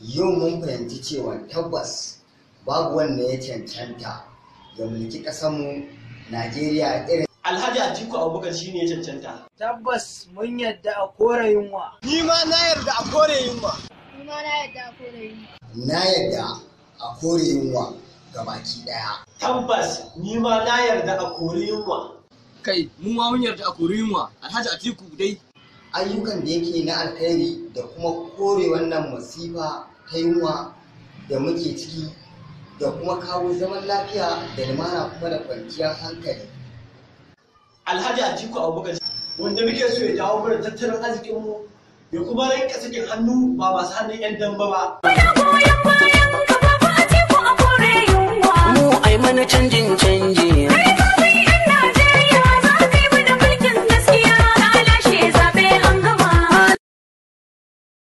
Yau mun fahimci cewa tabbas babu wanda ya cancanta ya mulki ƙasarmu Najeriya irin. Alhaji Atiku Abubakar shine ya cancanta. Tabbas mun yadda a kore yunwa. Ni ma na yarda a kore yunwa. Ni ma na yarda a kore yunwa. Na yarda a kore yunwa ga baki ɗaya. Tabbas ni ma na yarda a kore yunwa. Kai mu ma mun yarda a kore yunwa Alhaji Atiku dai. Ayyukan da yake na alkhairi da kuma kore wannan masifa ta yunwa da muke ciki da kuma kawo zaman lafiya da limana kuma da kwanciyar hankali. Alhaji Ajiku Abubakar wanda muke so ya jawo mana tattalin arzikinmu ya kuma rinka sakin hannu ba masu hannun 'yan damba ba. Mu ai mana canjin